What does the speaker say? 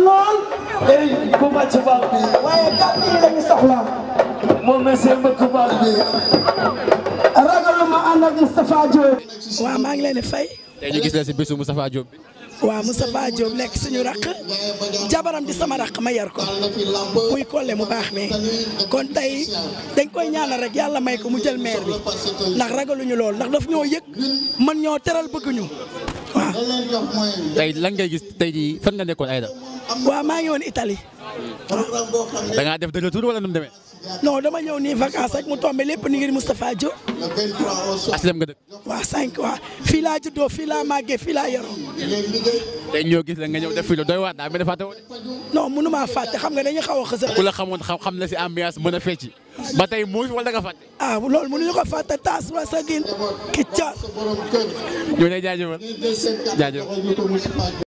lool. léegi bu waaye kàddu yi lañu soxla. moom monsieur Mbacke baal bi. ragaluma ànd ak Moustapha Diop. maa ngi leen di fay. tey gis la si bésu Moustapha Diop bi. waaw Moustapha Diop nekk suñu raq jabaram di sama raq ma yar ko muy kolle mu baax mi kon tey dañ koy ñaanal rek yàlla may ko mu jël maire bi ndax ragaluñu lool ndax daf ñoo yëg mën ñoo teral bëgguñu waaw. tey lan ngay gis tey jii fan nga nekkoon Aïda. waaw maa ngi woon Italie. da ngaa def da retour wala nu mu demee. non dama ñëw nii vacances rek mu tombé lépp ni ngir Moustapha Diop. aslem de dëkk. waaw cinq waaw fii laa juddoo fii laa màggee fii laa yoroo. tey ñoo gis la nga ñëw def fii la doy waar daal mel ne fàtte woon. non mënu xam nga dañuy xaw a xësal. ku la xamoon xam na si ambiance mën a fecci. ba tey mu wala nga fàtte. ah loolu mënuñu ko fàtte taas wa sagin ki ca. ñu ngi lay jaajëfal jaajëfal.